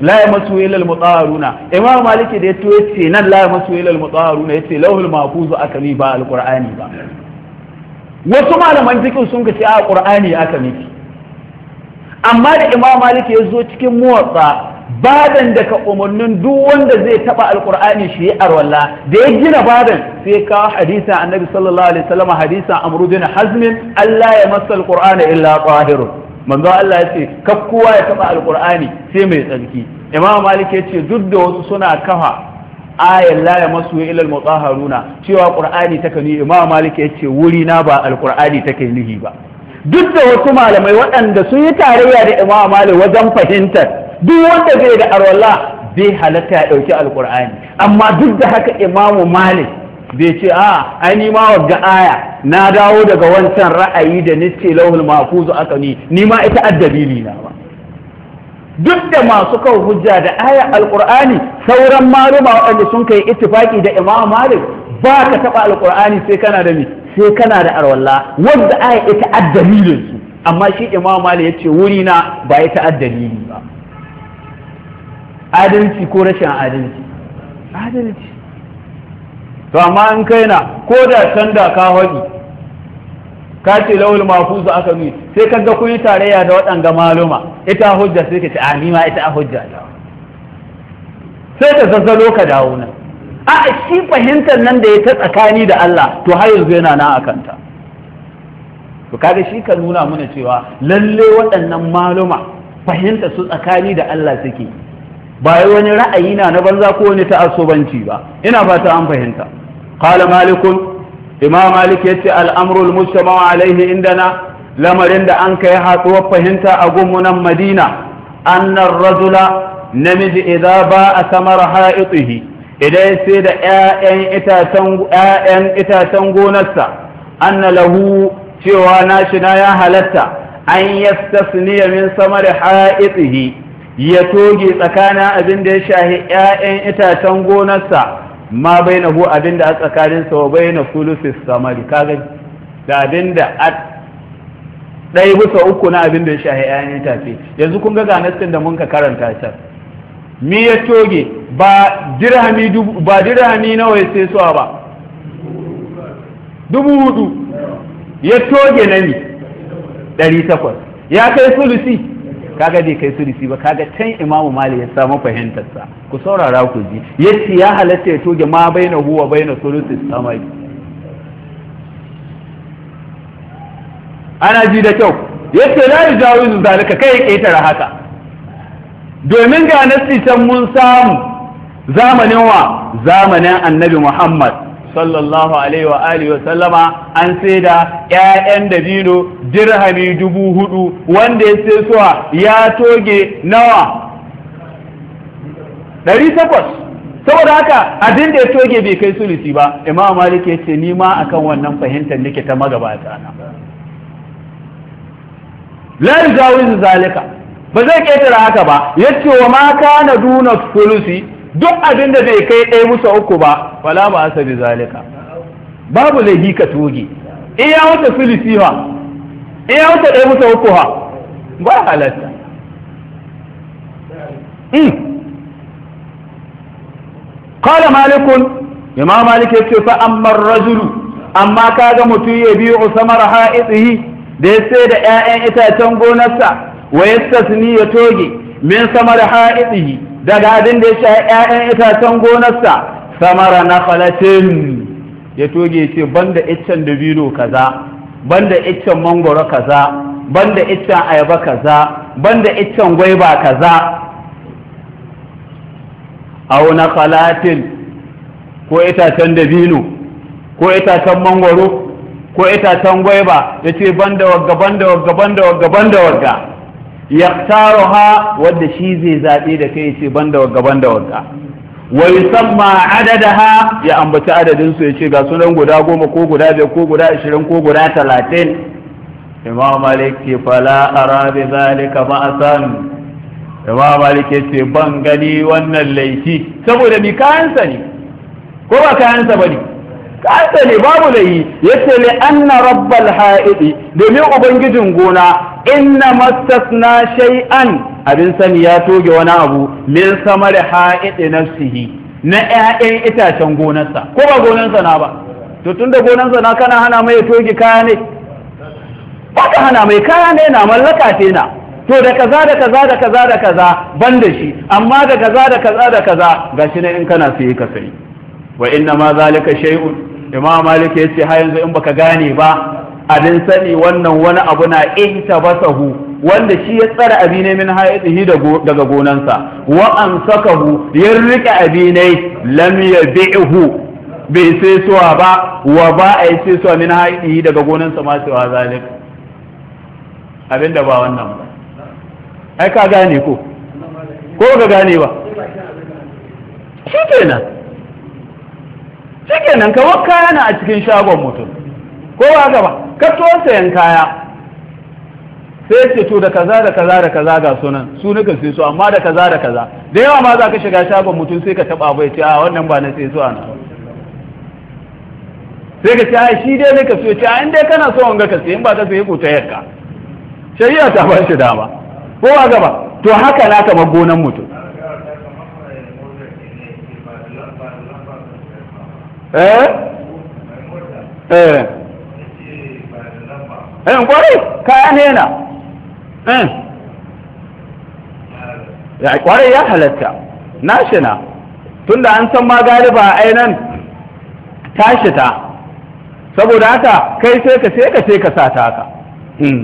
la ya masu ilal mutaharuna imamu Malik da ya ce yace nan la ya masu mutaharuna ya ce lauhul mahfuz aka mi ba alqur'ani ba wasu malaman cikin sun ga a alqur'ani aka miki amma da imamu Malik ya zo cikin muwatsa badan daga umarnin duk wanda zai taba alkur'ani shi ya arwalla da ya gina badan sai kawo hadisa annabi sallallahu alaihi wasallam hadisa amru hazmin Allah ya masa alkur'ani illa qahirun manzo Allah ya ce kowa ya taba alkur'ani sai mai tsarki imam malik ya duk da wasu suna kafa ayan la ya masu ila almutahharuna cewa qur'ani take ni imam malik ya ce wuri na ba alkur'ani take nihi ba duk da wasu malamai waɗanda sun yi tarayya da imam malik wajen fahimtar duk wanda bai da arwala bai halatta ya ɗauki alkur'ani amma duk da haka imamu malik bai ce a ai ma wagga aya na dawo daga wancan ra'ayi da nice lauhul mahfuzu aka ni ni ma ita addalili na ba duk da masu kan hujja da aya Alƙur'ani, sauran maluma waɗanda sun kai ittifaki da imam malik ba ka taɓa Alƙur'ani sai kana da ni, sai kana da arwala wanda aya ita addalilin su amma shi imam malik yace wuri na ba ita addalili ba adalci ko rashin adalci adalci to amma in kai na ko da can da ka haɗi ka ce laul mafuzu aka mi sai ka ga kun yi tarayya da waɗanga maluma ita hujja sai ka ce ma ita a hujja da sai ka zazzalo ka dawo nan a shi fahimtar nan da ya ta tsakani da Allah to har yanzu yana nan akanta kanta to kaga shi ka nuna mana cewa lalle waɗannan maluma fahimta su tsakani da Allah suke ba yi wani ra'ayi na na banza ko wani ta'assubanci ba ina fata an fahimta qala malikun imam malik yace al-amru al-mujtama alaihi indana lamarin da an kai hatsuwar fahimta a gumunan madina annar rajula namiji idza ba a samar ha'itihi idan sai da ƴaƴan itacen ƴaƴan itacen gonarsa anna lahu cewa nashi na ya halatta an yastasniya min samar ha'itihi ya toge tsakana abin da ya shahi 'ya'yan itacen gonarsa ma bai na abin da a tsakaninsa wa bai na sulusis samari kagan da abin da a ɗaya bisa uku na abin da ya shahi 'ya'yan itace yanzu kun ga ganastin da mun ka karanta can mi ya toge ba dirhami ba dirhami nawa ya sai suwa ba dubu hudu ya toge na ni ɗari takwas ya kai sulusi kaga bai kai sulusi ba kaga can imamu malik ya samu fahimtar sa ku saurara ku ji yace ya halatta ya toge ma baina huwa baina sulusi samai ana ji da kyau yace la yajawizu zalika kai ya ketara haka domin ga nasi can mun samu zamanin wa zamanin annabi muhammad sallallahu alaihi wa alihi wa sallama an saida ƴaƴan dabino dirhami dubu hudu wanda ya sai ya toge nawa ɗari takwas saboda haka abin da ya toge bai kai sulusi ba imam malik ya ni ma akan wannan fahimtar nake ta magabata na la zalika ba zai ketara haka ba yace wa ma kana duna sulusi duk abin da bai kai ɗaya musa uku ba fala ba asa bi zalika babu laifi ka toge iya wata filisi ha in wata ɗaya musa uku ha ba halatta قال hmm. Malikun, imam malik ya ce fa ammar rajulu amma kaga mutum ya biyu samar ha'itihi da ya sai da 'ya'yan itacen gonarsa wa yastasni ya toge min samar ha'itihi daga abin da ya sha ‘ya'yan itacen gonarsa samara na falatin ya toge ce banda iccen dabino kaza banda iccen mangoro kaza banda iccen ayaba kaza banda iccen gwaiba kaza au na falatin ko itacen dabino ko itacen mangoro ko itacen gwaiba ya ce banda wagga banda wagga banda wagga banda wagga ha wanda shi zai zabe da kai ce banda wagga banda wagga wa yusamma adadaha ya ambaci adadin su yace ga sunan guda goma ko guda biyar ko guda ashirin ko guda talatin imam malik ke fala ara bi zalika asan imam malik yace ban gani wannan laifi saboda ni kayansa ne ko ba kayansa ba ne kasa ne babu laifi yi ya ce li anna rabbal ha'idi domin ubangijin gona inna mastasna shay'an abin sani ya toge wani abu min samar ha'id nafsihi na ƴaƴan itacen gonarsa ko ba gonarsa na ba to tunda gonarsa na kana hana mai toge kaya ne ba ka hana mai kaya ne na mallaka ce na to da kaza da kaza da kaza da kaza ban da shi amma da kaza da kaza da kaza gashi ne in kana sai ka sai wa inna ma zalika shay'un imam malik yace ha yanzu in baka gane ba abin sani wannan wani abu na basahu wanda shi ya tsara abinai min ha'idihi daga gonansa wa amsakahu ya rika abinai lam yabi'hu bai sai suwa ba wa ba a yi sai suwa min ha'idihi daga gonansa ma cewa zalik abin da ba wannan ba ai ka gane ko ko ka gane ba shi nan, shi nan kamar kayana a cikin shagon mutum ko ba gaba ka sayan kaya sai ce to da kaza da kaza da kaza ga sunan su nuka sai su amma da kaza da kaza da yawa ma za ka shiga shagon mutum sai ka taba bai ce a wannan ba na sai su ana sai ka ce a shi dai nuka so ce a in dai kana so wanga ka sai in ba ka sai ko ta yakka shari'a ta ba shi dama ko a gaba to haka na ka gonan mutum eh eh in eh, kwarai kayan hena eh. ya kwarai ya halatta nashina tunda an san ma galiba ainihin tashi ta saboda haka kai sai ka sai ka sai ka sa ta haka hmm.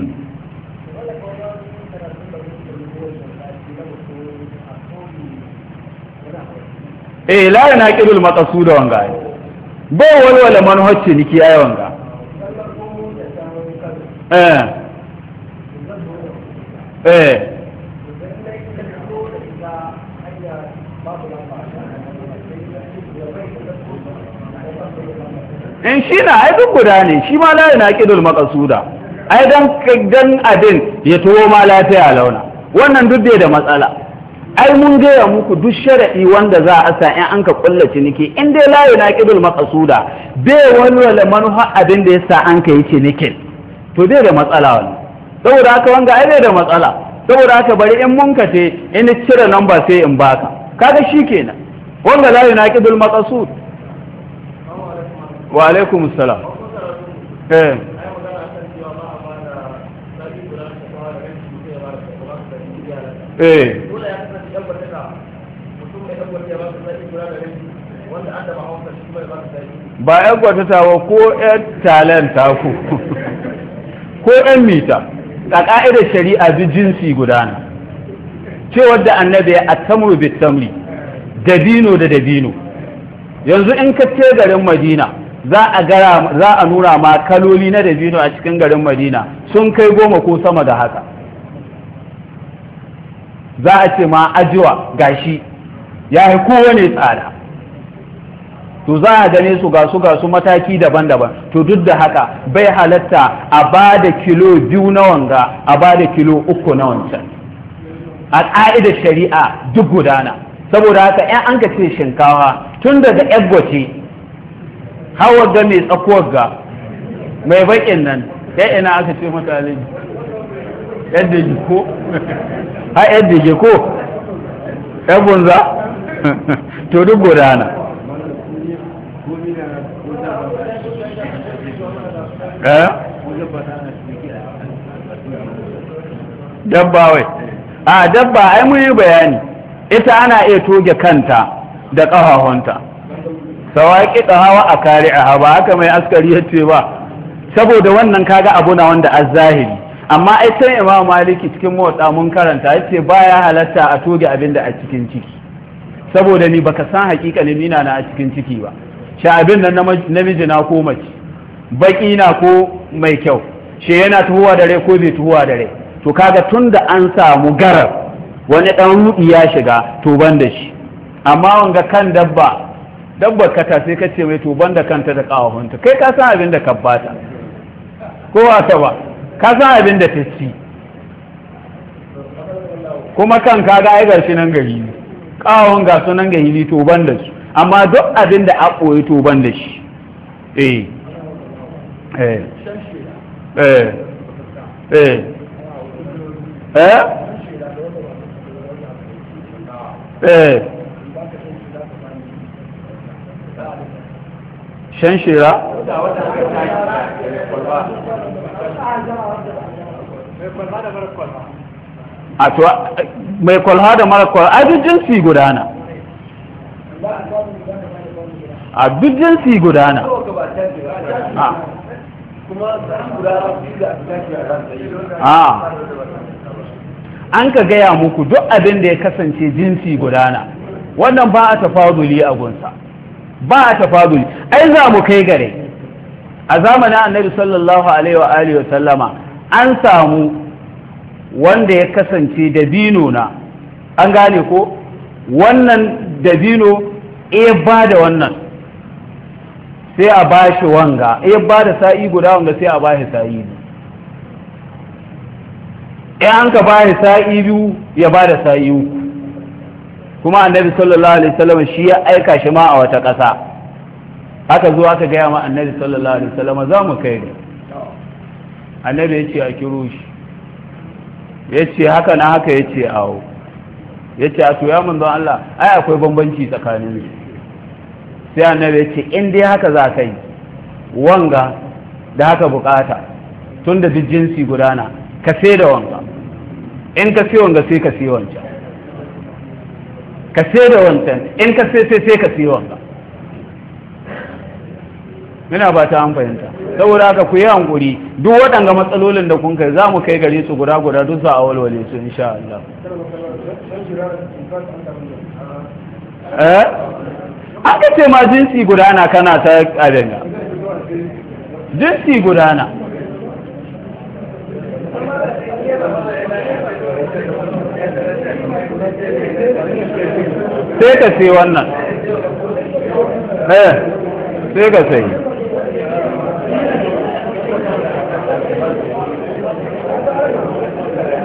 eh la yana kirul maqsuda wanga bai walwala manhaj ciniki ai wanga Eh. Eh. in shi na aikin guda ne shi ma layi yana kidul maqsuda ai don abin ya tuwo ma lafiya launa wannan duk da matsala ai mun gaya muku duk sharaɗi wanda za a sa in an ka kulla ciniki in dai layu na ƙidul maƙasuda bai wani wale abin da ya sa an ka yi cinikin to zai da matsala wani saboda haka wanga ai zai da matsala saboda haka bari in mun ka in cire number sai in baka kaga shi kenan wanga la yunaqidul maqsud wa alaikum assalam eh eh ba yan gwatatawa ko yan talenta ku ko ɗan mita a ƙa'idar shari'a bi jinsi gudana, ne cewar da annabi ya atamru bi tamri dabino da dabino yanzu in ka ce garin madina za a gara za a nura ma kaloli na dabino a cikin garin madina sun kai goma ko sama da haka za a ce ma ajiwa gashi ya yi kowane tsada to za a gane su ga su ga su mataki daban-daban to duk da haka bai halatta a ba da kilo biyu na wanga a ba da kilo uku na wancan a ƙa'idar shari'a duk gudana saboda haka yan an ka ce shinkawa tun daga eggoce hawa ga mai tsakuwar ga mai baƙin nan ya ina aka ce mutane yadda ji ko ha yadda ji ko ebunza to duk gudana Eh? dabba wai a dabba ai mun yi bayani ita ana iya toge kanta da ƙahahonta sawaƙi hawa a kare a ba haka mai askari ya ce ba saboda wannan kaga abu na wanda a zahiri amma ai sai imam maliki cikin motsa mun karanta ya ce baya halatta a toge abin da a cikin ciki saboda ni baka san ne nina na a cikin ciki ba sha abin nan namiji na ko mace baki na ko mai kyau shi yana tuhuwa da rai ko bai tuhuwa da rai to kaga tunda an samu garar wani dan rudi ya shiga to ban da shi amma wanga kan dabba dabbar kata sai ka ce mai to ban da kanta da kawahunta kai ka san abin da ka bata ko wata ba ka san abin da ta ci kuma kan kaga ai garshi nan gari ne kawon ga sunan gari ne to ban da su amma duk abin da a koyi to ban da shi eh Eh. Eh. Eh. shan shira a tuwa mai kwalha da mara kwalha a duk jinsi gudana a ah. duk jinsi gudana a ah. an ka gaya muku duk abin da ya kasance jinsi gudana wannan ba a tafaduli a gunsa ba a tafaduli ai za mu kai gare a zamanin annabi sallallahu alaihi wa alihi wa sallama an samu wanda ya kasance dabino na an gane ko wannan dabino e ba da wannan sai a ba shi wanga ya ba da sa'i guda wanga sai a ba shi sa'i biyu ya an ka ba shi sa'i biyu ya ba da sa'i uku kuma annabi sallallahu alaihi wasallam shi ya aika shi ma a wata ƙasa aka zo aka gaya ma annabi sallallahu alaihi wasallam za mu kai ne annabi ya ce a kiro shi ya ce haka na haka ya ce awo ya ce a to ya manzon Allah ai akwai bambanci tsakanin su sai annabi ya ce in dai haka za ka yi wanga da haka bukata tun da duk jinsi gudana ka sai da wanga in ka sai wanga sai ka sai wancan ka sai da wancan in ka sai sai sai ka sai wanga muna ba ta an fahimta saboda haka ku yi hankuri duk waɗanga matsalolin da kun kai za mu kai gare su guda guda duk za a walwale su insha Allah aka ce ma jinsi gudana kana ta abin ya. jinsi gudana sai ka sai wannan eh sai ka sai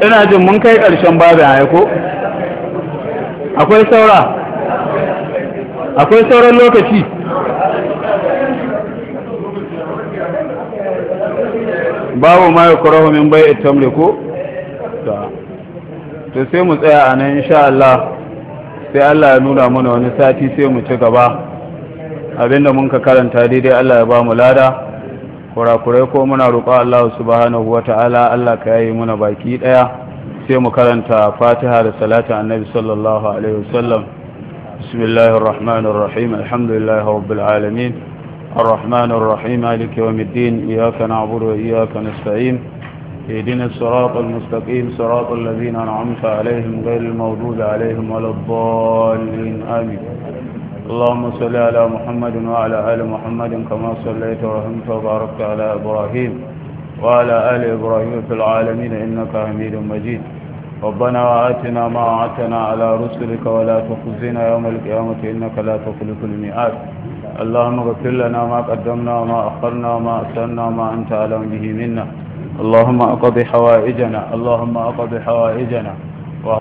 ina jin mun kai ƙarshen babin aiko akwai saura akwai sauran lokaci babu ma ya kura homin bai itamle ko to sai mu tsaya a nan insha Allah sai Allah ya nuna mana wani sati sai mu ci gaba abinda mun ka karanta daidai Allah ya ba mu lada kurakurai ko muna roƙo Allah subhanahu wa ta'ala, Allah ka yayi muna baki daya sai mu karanta Fatiha da salatu annabi sallallahu alaihi wasallam بسم الله الرحمن الرحيم الحمد لله رب العالمين الرحمن الرحيم مالك يوم الدين إياك نعبد وإياك نستعين اهدنا الصراط المستقيم صراط الذين أنعمت عليهم غير الموجود عليهم ولا الضالين آمين اللهم صل على محمد وعلى آل محمد كما صليت ورحمت وباركت على إبراهيم وعلى آل إبراهيم في العالمين إنك حميد مجيد ربنا وآتنا ما وعدتنا على رسلك ولا تخزنا يوم القيامة إنك لا تخلف الميعاد اللهم اغفر لنا ما قدمنا وما أخرنا وما أسرنا وما أنت أعلم به منا اللهم أقض حوائجنا اللهم أقض حوائجنا